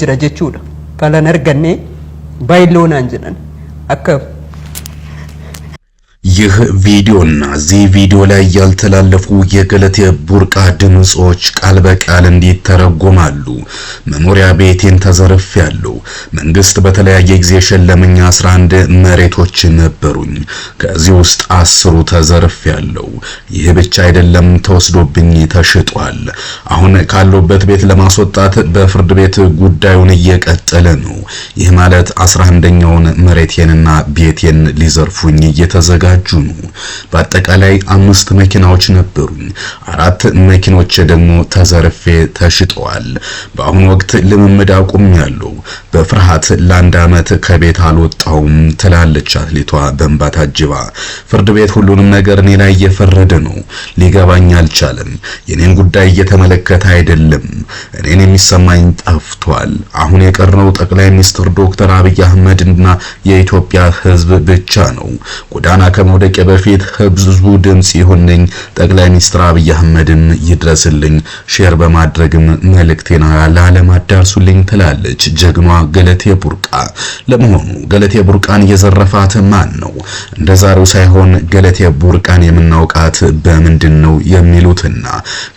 jira jechuudha. Kalaan argannee baay'iloonaan jedhan akka ይህ ቪዲዮና እዚህ ቪዲዮ ላይ ያልተላለፉ የገለቴ ቡርቃ ድምጾች ቃል በቃል እንዲተረጎማሉ መኖሪያ ቤቴን ተዘርፍ ያለው መንግስት በተለያየ ጊዜ ሸለመኝ 11 መሬቶች ነበሩኝ። ከዚህ ውስጥ አስሩ ያለው ይህ ብቻ አይደለም፣ ተወስዶብኝ ተሽጧል። አሁን ካለበት ቤት ለማስወጣት በፍርድ ቤት ጉዳዩን እየቀጠለ ነው። ይህ ማለት 11ኛውን መሬቴንና ቤቴን ሊዘርፉኝ እየተዘጋ እየተዘጋጁ ነው። በአጠቃላይ አምስት መኪናዎች ነበሩኝ። አራት መኪኖች ደግሞ ተዘርፌ ተሽጠዋል። በአሁኑ ወቅት ልምምድ አቁሜያለሁ። በፍርሃት ለአንድ ዓመት ከቤት አልወጣውም ትላለች አትሌቷ በእንባ ታጅባ። ፍርድ ቤት ሁሉንም ነገር እኔ ላይ እየፈረደ ነው። ሊገባኝ አልቻለም። የኔን ጉዳይ እየተመለከተ አይደለም። እኔን የሚሰማኝ ጠፍቷል። አሁን የቀረው ጠቅላይ ሚኒስትር ዶክተር አብይ አህመድ እና የኢትዮጵያ ህዝብ ብቻ ነው። ጎዳና ከመውደቄ በፊት ህዝቡ ድምጽ ይሁንኝ፣ ጠቅላይ ሚኒስትር አብይ አህመድም ይድረስልኝ። ሼር በማድረግም መልእክቴን ለዓለም አዳርሱልኝ ትላለች ጀግኗ ገለቴ ቡርቃ። ለመሆኑ ገለቴ ቡርቃን የዘረፋት ማን ነው? እንደ ዛሬው ሳይሆን ገለቴ ቡርቃን የምናውቃት በምንድን ነው የሚሉትና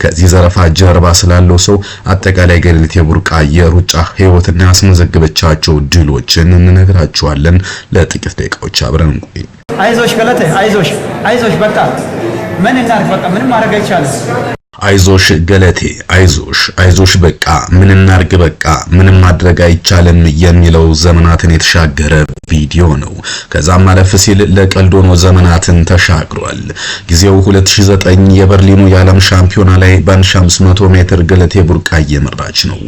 ከዚህ ዘረፋ ጀርባ ስላለው ሰው አጠቃላይ ገለቴ የቡርቃ የሩጫ ህይወትና ያስመዘገበቻቸው ድሎችን እንነግራችኋለን። ለጥቂት ደቂቃዎች አብረን እንቆይ። አይዞሽ ገለቴ፣ አይዞሽ፣ አይዞሽ። በቃ ምን እናድርግ? በቃ ምንም ማድረግ አይቻልም። አይዞሽ ገለቴ አይዞሽ አይዞሽ በቃ ምን እናርግ በቃ ምንም ማድረግ አይቻልም የሚለው ዘመናትን የተሻገረ ቪዲዮ ነው። ከዛም አለፍ ሲል ለቀልድ ሆኖ ዘመናትን ተሻግሯል። ጊዜው 2009 የበርሊኑ የዓለም ሻምፒዮና ላይ በ1500 ሜትር ገለቴ ቡርቃ እየመራች ነው።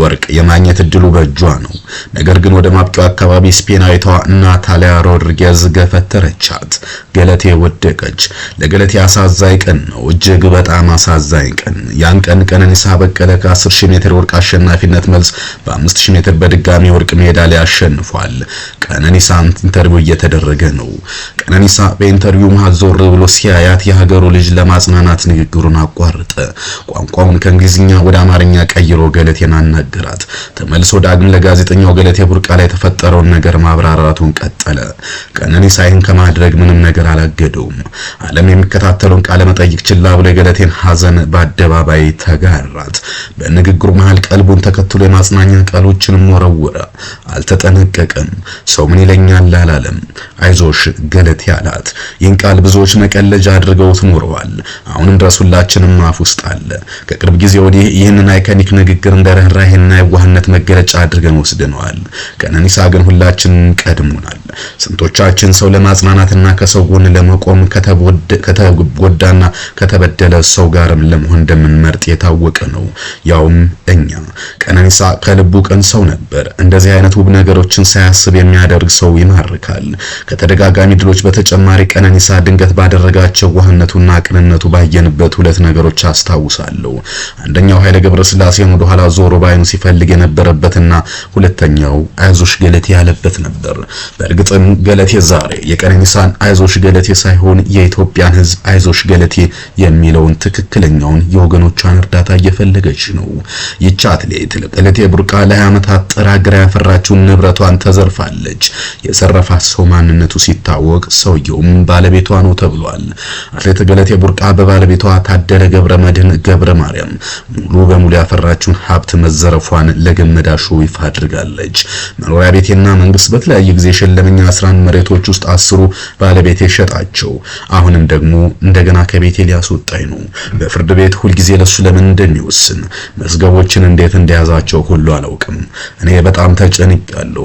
ወርቅ የማግኘት እድሉ በእጇ ነው። ነገር ግን ወደ ማብቂያው አካባቢ ስፔናዊቷ ናታሊያ ሮድሪጌዝ ገፈተረቻት። ገለቴ ወደቀች። ለገለቴ አሳዛኝ ቀን ነው፣ እጅግ በጣም አሳዛኝ ቀን። ያን ቀን ቀነኒሳ በቀለ ከ10000 ሜትር ወርቅ አሸናፊነት መልስ በ5000 ሜትር በድጋሚ ወርቅ ሜዳሊያ አሸንፏል። ቀነኒሳ ኢንተርቪው እየተደረገ ነው። ቀነኒሳ በኢንተርቪው መሃል ዞር ብሎ ሲያያት የሀገሩ ልጅ ለማጽናናት ንግግሩን አቋረጠ። ቋንቋውን ከእንግሊዝኛ ወደ አማርኛ ቀይሮ ገለቴን አናገራት። ተመልሶ ዳግም ለጋዜጠኛው ገለቴ ቡርቃ ላይ የተፈጠረውን ነገር ማብራራቱን ቀጠለ። ቀነኒሳ ይህን ከማድረግ ምንም ነገር አላገደውም። ዓለም የሚከታተሉን ቃለ መጠይቅ ችላ ብሎ የገለቴን ሀዘን በአደባባይ ተጋራት። በንግግሩ መሃል ቀልቡን ተከትሎ የማጽናኛ ቃሎችንም ወረወረ። አልተጠነቀቀም። ሰው ምን ይለኛል አላለም። አይዞሽ ገለቴ አላት። ይህን ቃል ብዙዎች መቀለጃ አድርገውት ኖረዋል። አሁንም ድረስ ሁላችንም አፍ ውስጥ አለ። ከቅርብ ጊዜ ወዲህ ይህንን አይካኒክ ንግግር እንደ ርህራሄና የዋህነት መገለጫ አድርገን ወስደነዋል። ቀነኒሳ ግን ሁላችን ቀድሞናል። ስንቶቻችን ሰው ለማጽናናትና ከሰው ጎን ለመቆም ከተጎዳና ከተበደለ ሰው ጋርም ለመሆን እንደምንመርጥ የታወቀ ነው። ያውም እኛ። ቀነኒሳ ከልቡ ቅን ሰው ነበር። እንደዚህ አይነት ውብ ነገሮችን ሳያስብ የሚያደ የሚያደርግ ሰው ይማርካል። ከተደጋጋሚ ድሎች በተጨማሪ ቀነኒሳ ድንገት ባደረጋቸው ዋህነቱና ቅንነቱ ባየንበት ሁለት ነገሮች አስታውሳለሁ። አንደኛው ኃይለ ገብረስላሴን ወደ ኋላ ዞሮ ባይኑ ሲፈልግ የነበረበትና ሁለተኛው አይዞሽ ገለቴ ያለበት ነበር። በእርግጥም ገለቴ ዛሬ የቀነኒሳን አይዞሽ ገለቴ ሳይሆን የኢትዮጵያን ሕዝብ አይዞሽ ገለቴ የሚለውን ትክክለኛውን የወገኖቿን እርዳታ እየፈለገች ነው። ይቺ አትሌት ገለቴ ቡርቃ ለዓመታት ጥራ ግራ ያፈራችውን ንብረቷን ተዘርፋለች። የዘረፋት ሰው ማንነቱ ሲታወቅ ሰውየውም ባለቤቷ ነው ተብሏል። አትሌት ገለቴ ቡርቃ በባለቤቷ ታደለ ገብረ መድህን ገብረ ማርያም ሙሉ በሙሉ ያፈራችውን ሀብት መዘረፏን ለገመዳሹ ይፋ አድርጋለች። መኖሪያ ቤቴና መንግስት በተለያየ ጊዜ የሸለመኝ 11 መሬቶች ውስጥ አስሩ ባለቤቴ ሸጣቸው። አሁንም ደግሞ እንደገና ከቤቴ ሊያስወጣኝ ነው። በፍርድ ቤት ሁልጊዜ ለሱ ለምን እንደሚወስን መዝገቦችን እንዴት እንደያዛቸው ሁሉ አላውቅም። እኔ በጣም ያለው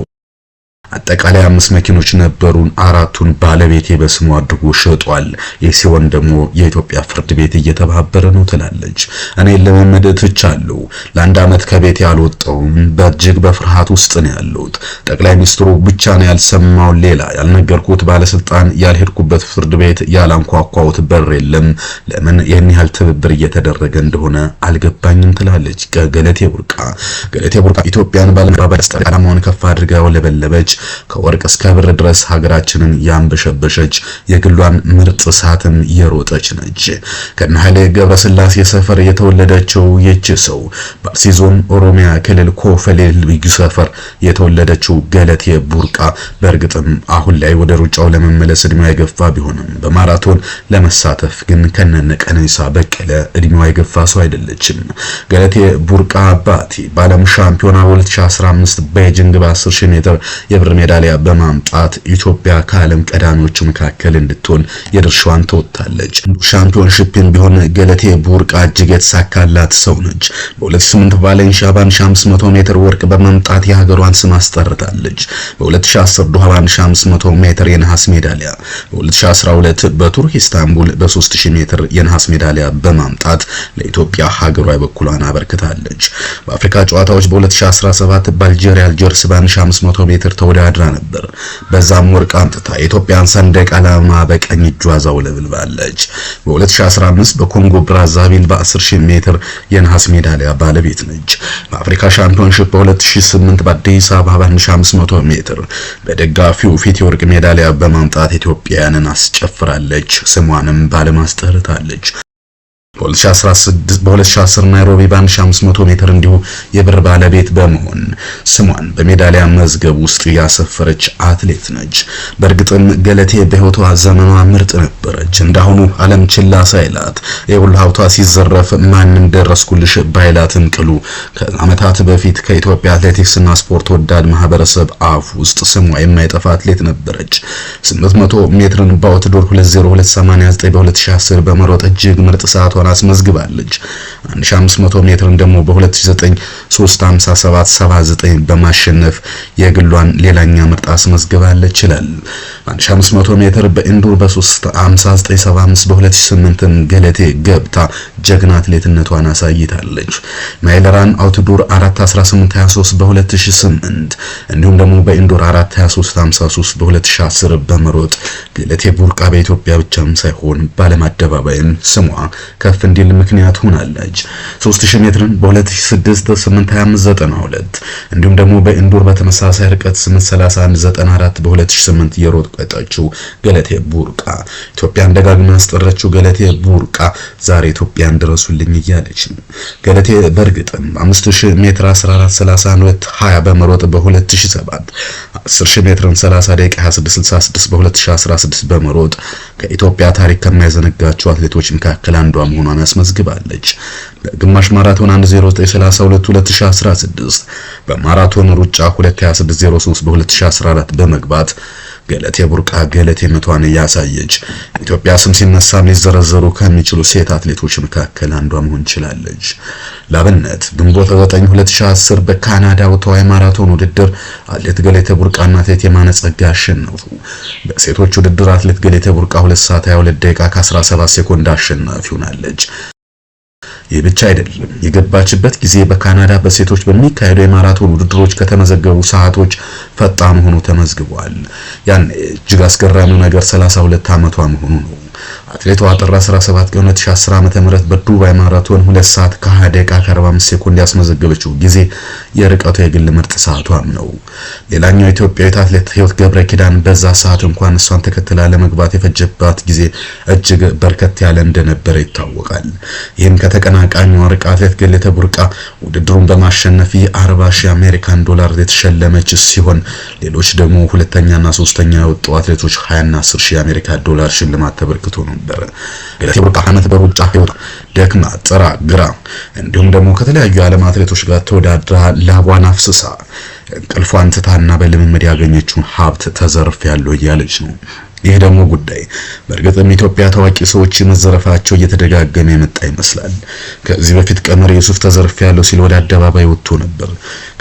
አጠቃላይ አምስት መኪኖች ነበሩን። አራቱን ባለቤቴ በስሙ አድርጎ ሸጧል። ሲሆን ደግሞ የኢትዮጵያ ፍርድ ቤት እየተባበረ ነው ትላለች። እኔ ለመመድ ትቻለሁ። ለአንድ ዓመት ከቤት ያልወጣውም በእጅግ በፍርሃት ውስጥ ነው ያለሁት። ጠቅላይ ሚኒስትሩ ብቻ ነው ያልሰማው። ሌላ ያልነገርኩት ባለስልጣን፣ ያልሄድኩበት ፍርድ ቤት፣ ያላንኳኳሁት በር የለም። ለምን ይህን ያህል ትብብር እየተደረገ እንደሆነ አልገባኝም ትላለች ገለቴ ቡርቃ። ገለቴ ቡርቃ ኢትዮጵያን ባለመባበል ዓላማውን ከፍ አድርጋ ወለበለበች። ከወርቅ እስከ ብር ድረስ ሀገራችንን ያንበሸበሸች የግሏን ምርጥ ሰዓትም የሮጠች ነች። ከነ ኃይሌ ገብረስላሴ ሰፈር የተወለደችው ይች ሰው በአርሲ ዞን ኦሮሚያ ክልል ኮፈሌ ልዩ ሰፈር የተወለደችው ገለቴ ቡርቃ በእርግጥም አሁን ላይ ወደ ሩጫው ለመመለስ እድሜዋ የገፋ ቢሆንም በማራቶን ለመሳተፍ ግን ከነነ ቀነኒሳ በቀለ እድሜዋ የገፋ ሰው አይደለችም። ገለቴ ቡርቃ አባቲ በዓለም ሻምፒዮና 2015 ቤጂንግ በ10 ሜትር የብር የብር ሜዳሊያ በማምጣት ኢትዮጵያ ከዓለም ቀዳሚዎች መካከል እንድትሆን የድርሻዋን ተወጥታለች። ሻምፒዮንሺፕን ቢሆን ገለቴ ቡርቃ እጅግ የተሳካላት ሰው ነች። በ2008 ቫሌንሺያ በ1500 ሜትር ወርቅ በማምጣት የሀገሯን ስም አስጠርታለች። በ2010 ዶሃ በ1500 ሜትር የነሐስ ሜዳሊያ፣ በ2012 በቱርክ ኢስታንቡል በ3000 ሜትር የነሐስ ሜዳሊያ በማምጣት ለኢትዮጵያ ሀገሯ የበኩሏን አበርክታለች። በአፍሪካ ጨዋታዎች በ2017 በአልጄሪያ አልጀርስ በ1500 ሜትር ተወዳ አድራ ነበር። በዛም ወርቅ አንጥታ የኢትዮጵያን ሰንደቅ ዓላማ በቀኝ እጇ አውለብልባለች። በ2015 በኮንጎ ብራዛቪል በ10000 ሜትር የነሐስ ሜዳሊያ ባለቤት ነች። በአፍሪካ ሻምፒዮንሺፕ በ2008 በአዲስ አበባ በ1500 ሜትር በደጋፊው ፊት የወርቅ ሜዳሊያ በማምጣት ኢትዮጵያንን አስጨፍራለች። ስሟንም ባለም በ 2016 ናይሮቢ በ1500 ሜትር እንዲሁ የብር ባለቤት በመሆን ስሟን በሜዳሊያ መዝገብ ውስጥ ያሰፈረች አትሌት ነች። በእርግጥም ገለቴ በህይወቷ ዘመኗ ምርጥ ነበረች። እንዳሁኑ ዓለም ችላ ሳይላት የሁሉ ሀብቷ ሲዘረፍ ማንም ደረስኩልሽ ባይላትን ቅሉ ከዓመታት በፊት ከኢትዮጵያ አትሌቲክስና ስፖርት ወዳድ ማህበረሰብ አፍ ውስጥ ስሟ የማይጠፋ አትሌት ነበረች። 800 ሜትርን በአውትዶር 20289 በ2010 በመሮጥ እጅግ ምርጥ ሰዓቷ አስመዝግባለች። 1500 ሜትርን ደግሞ በ2009 3:57.79 በማሸነፍ የግሏን ሌላኛ ምርጥ አስመዝግባለች። ይችላል 1500 ሜትር በኢንዱር በ3:59.75 በ2008 ገለቴ ገብታ ጀግና አትሌትነቷን አሳይታለች። ማይለራን አውትዶር 4:18.23 በ2008 እንዲሁም ደግሞ በኢንዶር 4:23.53 በ2010 በመሮጥ ገለቴ ቡርቃ በኢትዮጵያ ብቻም ሳይሆን በዓለም አደባባይም ስሟ ከፍ እንዲል ምክንያት ሆናለች። ትገኛለች። 3000 ሜትርን በ2006 8:25.92 እንዲሁም ደግሞ በኢንዶር በተመሳሳይ ርቀት 8:31.94 በ2008 የሮጠችው ገለቴ ቡርቃ ኢትዮጵያን ደጋግማ ያስጠራችው ገለቴ ቡርቃ ዛሬ ኢትዮጵያን ድረሱልኝ እያለች ገለቴ በእርግጥም 5000 ሜትር 20 በመሮጥ በ2007 10000 ሜትርን 30 ደቂቃ 26.66 በ2016 በመሮጥ ከኢትዮጵያ ታሪክ ከማይዘነጋቸው አትሌቶች መካከል አንዷ መሆኗን አስመዝግባለች። በግማሽ ማራቶን 1:09:32 2016 በማራቶን ሩጫ 2:26:03 በ2014 በመግባት ገለቴ ቡርቃ ገለቴ መቷን እያሳየች ኢትዮጵያ ስም ሲነሳ ሊዘረዘሩ ከሚችሉ ሴት አትሌቶች መካከል አንዷ መሆን ችላለች። ላብነት ግንቦት 9 2010 በካናዳ ተዋይ ማራቶን ውድድር አትሌት ገለቴ ቡርቃና አትሌት የማነ ጸጋ አሸነፉ። በሴቶች ውድድር አትሌት ገለቴ ቡርቃ 2 ሰዓት 22 ደቂቃ ከ17 ሴኮንድ አሸናፊ ሆናለች። ይህ ብቻ አይደለም። የገባችበት ጊዜ በካናዳ በሴቶች በሚካሄዱ የማራቶን ውድድሮች ከተመዘገቡ ሰዓቶች ፈጣን ሆኖ ተመዝግቧል። ያን እጅግ አስገራሚው ነገር 32 ዓመቷ መሆኑ ነው። አትሌቷ ጥር 17 ቀን 2010 ዓ.ም በዱባይ ማራቶን 2 ሰዓት ከ20 ደቂቃ ከ45 ሴኮንድ ያስመዘገበችው ጊዜ የርቀቱ የግል ምርጥ ሰዓቷም ነው። ሌላኛው ኢትዮጵያዊት አትሌት ህይወት ገብረ ኪዳን በዛ ሰዓት እንኳን እሷን ተከትላ ለመግባት የፈጀባት ጊዜ እጅግ በርከት ያለ እንደነበረ ይታወቃል። ይህም ከተቀናቃኙ ርቃ አትሌት ገለተ ቡርቃ ውድድሩን በማሸነፍ 40 ሺህ አሜሪካን ዶላር የተሸለመች ሲሆን ሌሎች ደግሞ ሁለተኛና ሶስተኛ የወጡ አትሌቶች 20 እና 10 ሺህ አሜሪካ ዶላር ሽልማት ተበርክ ተመልክቶ ነበር። ገለቴ በዓመት በሩጫ ህይወቷ ደክማ ጥራ ግራ እንዲሁም ደግሞ ከተለያዩ የዓለም አትሌቶች ጋር ተወዳድራ ላቧን አፍስሳ እንቅልፏን ትታና በልምምድ ያገኘችውን ሀብት ተዘርፍ ያለው እያለች ነው። ይህ ደግሞ ጉዳይ በእርግጥም ኢትዮጵያ ታዋቂ ሰዎች መዘረፋቸው እየተደጋገመ የመጣ ይመስላል። ከዚህ በፊት ቀመር ዩሱፍ ተዘርፍ ያለው ሲል ወደ አደባባይ ወጥቶ ነበር።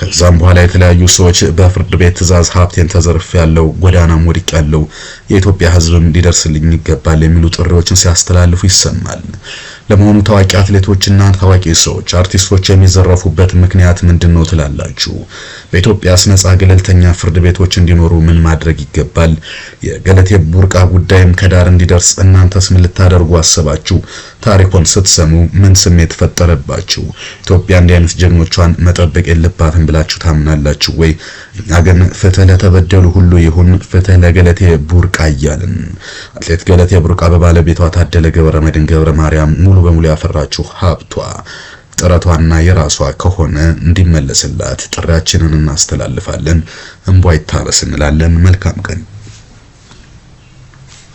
ከዛም በኋላ የተለያዩ ሰዎች በፍርድ ቤት ትዕዛዝ ሀብቴን ተዘርፍ ያለው ጎዳናም ወድቅ ያለው የኢትዮጵያ ሕዝብም ሊደርስልኝ ይገባል የሚሉ ጥሪዎችን ሲያስተላልፉ ይሰማል። ለመሆኑ ታዋቂ አትሌቶችና ታዋቂ ሰዎች፣ አርቲስቶች የሚዘረፉበት ምክንያት ምንድን ነው ትላላችሁ? በኢትዮጵያ ነጻ ገለልተኛ ፍርድ ቤቶች እንዲኖሩ ምን ማድረግ ይገባል? የገለቴ ቡርቃ ጉዳይም ከዳር እንዲደርስ እናንተስ ምን ልታደርጉ አሰባችሁ? ታሪኮን ስትሰሙ ምን ስሜት ፈጠረባችሁ? ኢትዮጵያ እንዲህ አይነት ጀግኖቿን መጠበቅ የለባትም ብላችሁ ታምናላችሁ ወይ? እኛ ግን ፍትህ ለተበደሉ ሁሉ ይሁን፣ ፍትህ ለገለቴ ቡርቃ እንሰቃያለን። አትሌት ገለቴ ቡርቃ በባለቤቷ ታደለ ገብረ መድን ገብረ ማርያም ሙሉ በሙሉ ያፈራችው ሀብቷ ጥረቷና የራሷ ከሆነ እንዲመለስላት ጥሪያችንን እናስተላልፋለን። እንቧ ይታረስ እንላለን። መልካም ቀን